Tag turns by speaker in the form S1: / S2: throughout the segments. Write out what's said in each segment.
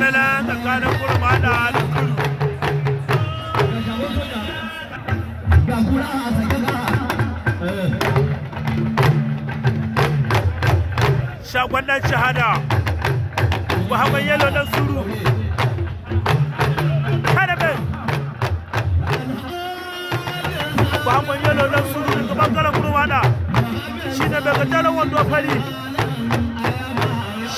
S1: dandala tsakanin kurma da alkuru shagon dan shahada muhammad yalo dan suru kadabe yalo suru bangaren kurma da shi ne daga talon wando fari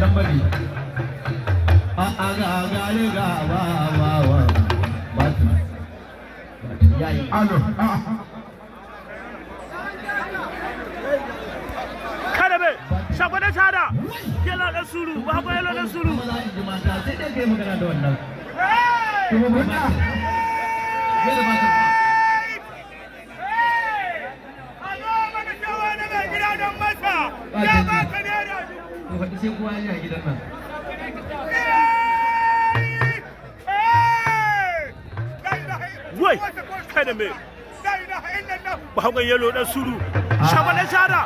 S1: dan mabi a a wa wa wa yayi alo kada be shago da tada da suru ba da suru sai da magana da wannan kuma ba sai kowa ya gidan nan wai kai da me bahaukan yalo dan suru shabalan shara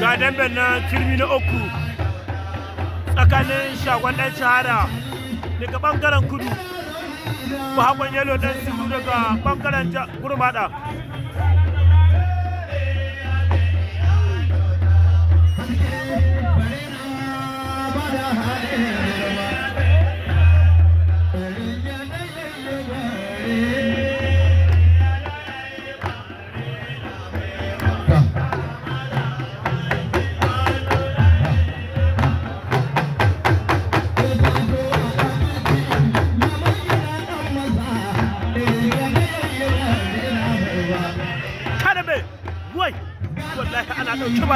S1: ga dambe na kirmi na uku tsakanin shagon dan shahara daga bangaren kudu muhammad yalo dan daga bangaren gurmada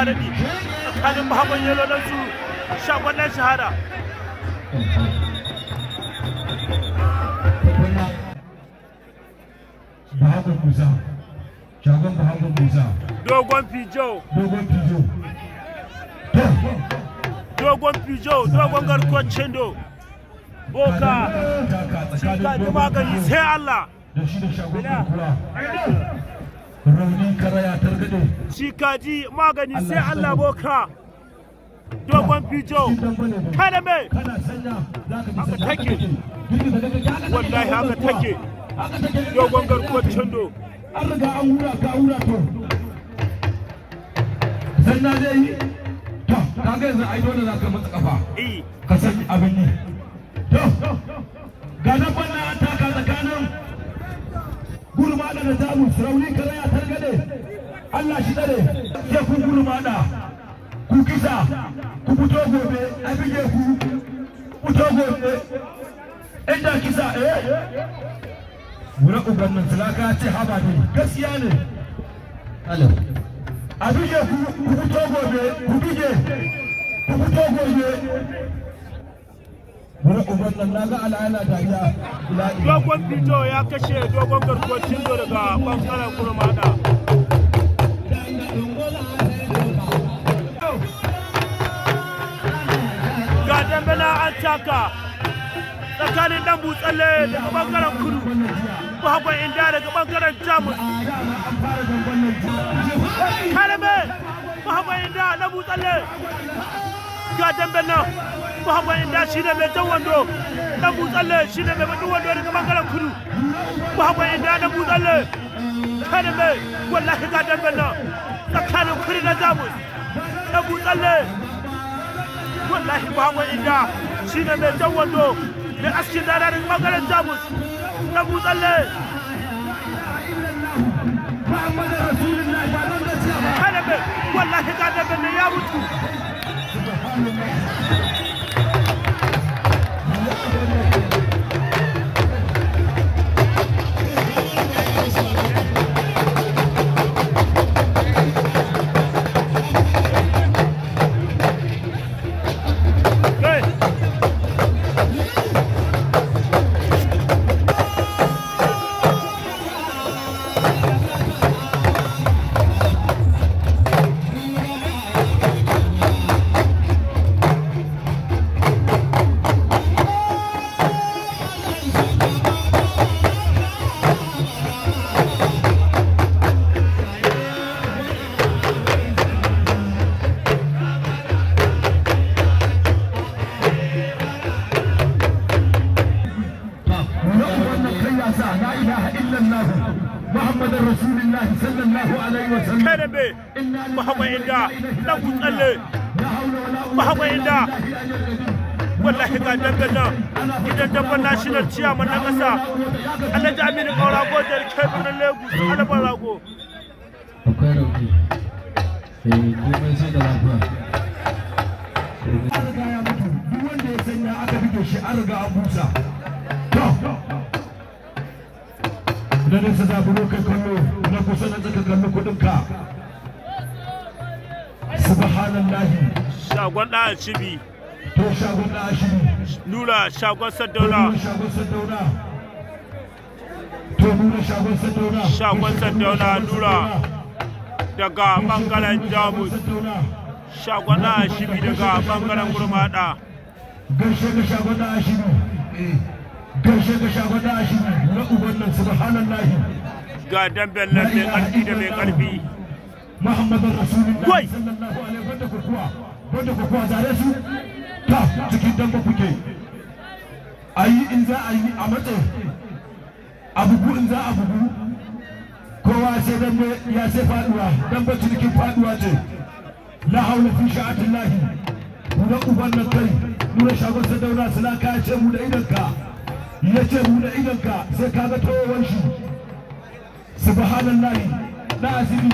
S1: ba daɗi tsakanin muhammad yalo don su shagon nan shahada Bahagun Musa, shagon Bahagun Musa. Dogon Fijo. Dogon Fijo. Dogon Fijo, dogon garkuwar Cindo. Boka, cika da magani sai Allah. Da shi da shagon kula. raunin karaya targado shi kaji magani sai Allah boka dogon fijo kada me haka take wallahi haka take dogon garkuwar an riga an wura ka wura to zai yi to kaga yanzu ai dole matsa kafa ka san abin ne to ga taka tsakanin gurma da da zamu karaya Allah shi tsare ke kun gurmada ku kisa ku fito gobe a bige ku fito gobe
S2: inda kisa eh
S1: wura uban nan talaka ce haba ne gaskiya ne alam a bige ku ku fito gobe ku bige ku fito gobe wani uban nan na ga al'ana da ya dogon fito ya kashe dogon garkuwar cindo daga bangaren da. ga dambana an taka tsakanin dan butsalle daga bangaren kudu bakon inda daga bangaren jamus kalame inda na ga inda shi ne mai jan wando dan shi ne mai wando daga bangaren kudu inda na kalame wallahi ga tsakanin kuri na jamus na butsalle wallahi muhammad inda shi ne mai jan wando mai askin dararin maganin jamus na butsalle kada wallahi ga daga ne ya mutu inda dan kutsalle ba hawa inda wallahi ga dangan idan national chairman na kasa alhaji aminu da kebu na lagos alaban rago akwai rauki sai komai sai da lafiya sanya aka fito shi an riga an busa to da kai kallo na kusa na tsaka kallo kuɗinka subhanallahi shagon da shibi to shagon da shibi shagon sadaura shagon sadaura to shagon sadaura shagon sadaura daga bangaren jamus shagon da shibi daga bangaren gurmada shagon da shibi shagon da shibi na ubannan subhanallahi ga dambe lalle karfi da mai karfi muhammadin rasulullahi sallallahu yi a bugu in bugu kowa sai dambe faduwa dambe cikin shagon sadaura sulaka ce idanka sai ka ga tawowar subhanallahi na azimi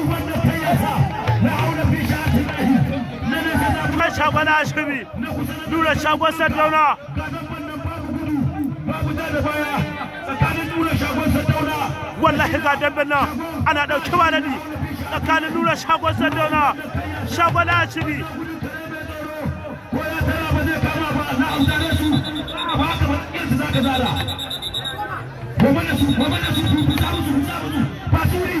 S1: shagon ashimi nuna shagon sardauna wallahi ga dambe nan ana ɗauki ba nadi tsakanin nura shagon sardauna shagon ashimi Kuma da su, kuma da su, kuma da su, kuma da su, kuma da su,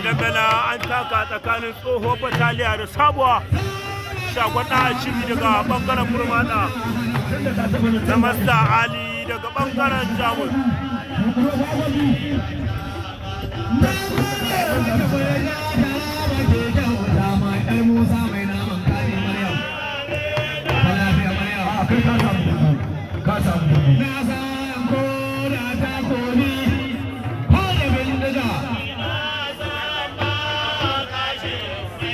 S1: dangana an taka tsakanin tsoho fataliya da sabuwa shagwada shiri daga bangaren burmada na masta ali daga bangaren jamus Na san ko da ta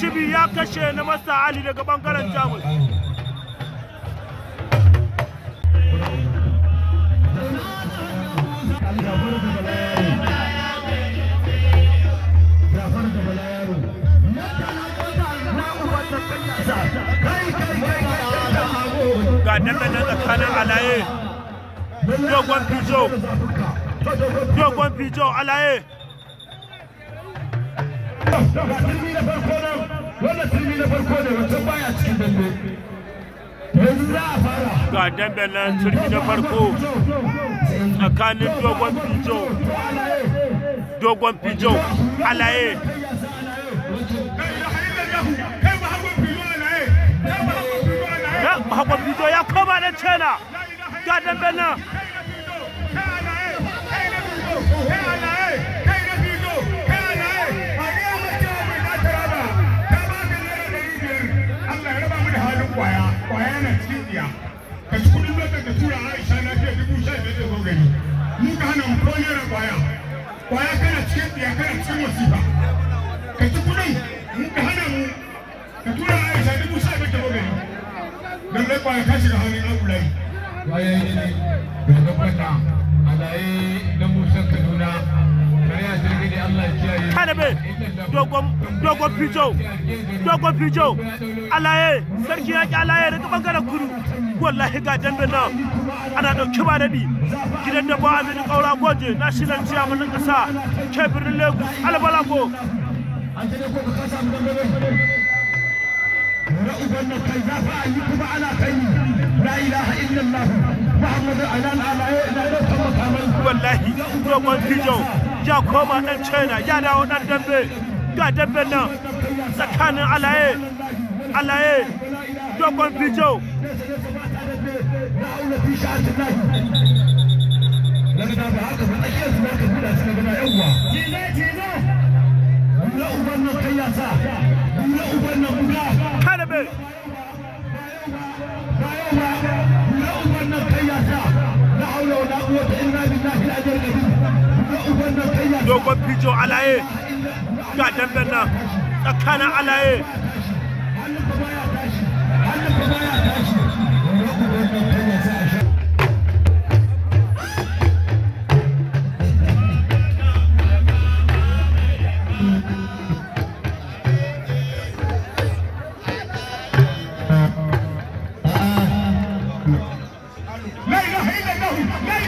S1: Shibi ya kashe na masa Ali daga bangaren Jamus. Ga tsakanin alaye, dogon fijo, dogon fijo alaye. wannan turmi na farko ne wancan baya cikin dambe yanzu za a fara ga dambe na turmi na farko tsakanin dogon fijo dogon fijo alaye Mahakon Fijo ya koma da cena ga dambe tura aisha na fiye dubu sha biyar da kwaya kana kana hana mu gabata alaye na musan kaduna kare a jirgin Allah kiyaye. dogon fijo dogon fijo alaye sarki ya ki alaye daga bangaren kudu wallahi ga dambe na ana ɗauki ba bi gidan da ba a mini kaura goje na shinan ciya mulin kasa ke birnin lagos albalako wallahi dogon فأيكم ya koma لا china ya dawo محمد dambe ga damben nan tsakanin alaye dokon dogon Alaye! ga damben nan tsakanin alaye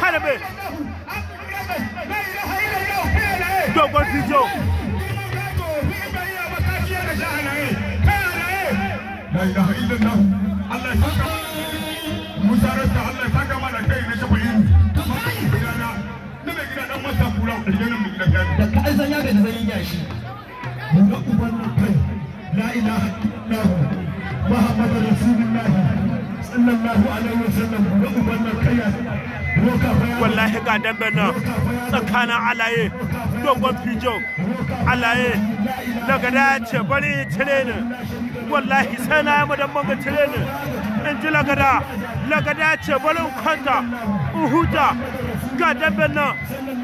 S1: Cannabis! garin yashi buɗe uban nan kai sallallahu alaihi wasallam buɗe uban wallahi ga dambe nan tsakanin alaye dogon fijo alaye daga bari cire ni wallahi sai na yi cire ni in ji lagada lagada ce bari in kwanta in huta ga dambe nan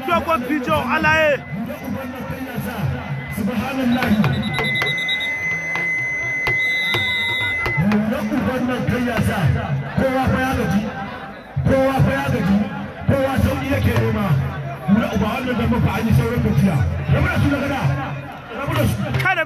S1: dogon fijo alaye subhanallah wannan wannan kai ya sa kowa fa ya gaji kowa fa ya gaji kowa sauki yake nema mura uba wannan da muka an yi sauran gajiya rabu da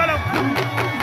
S1: গেল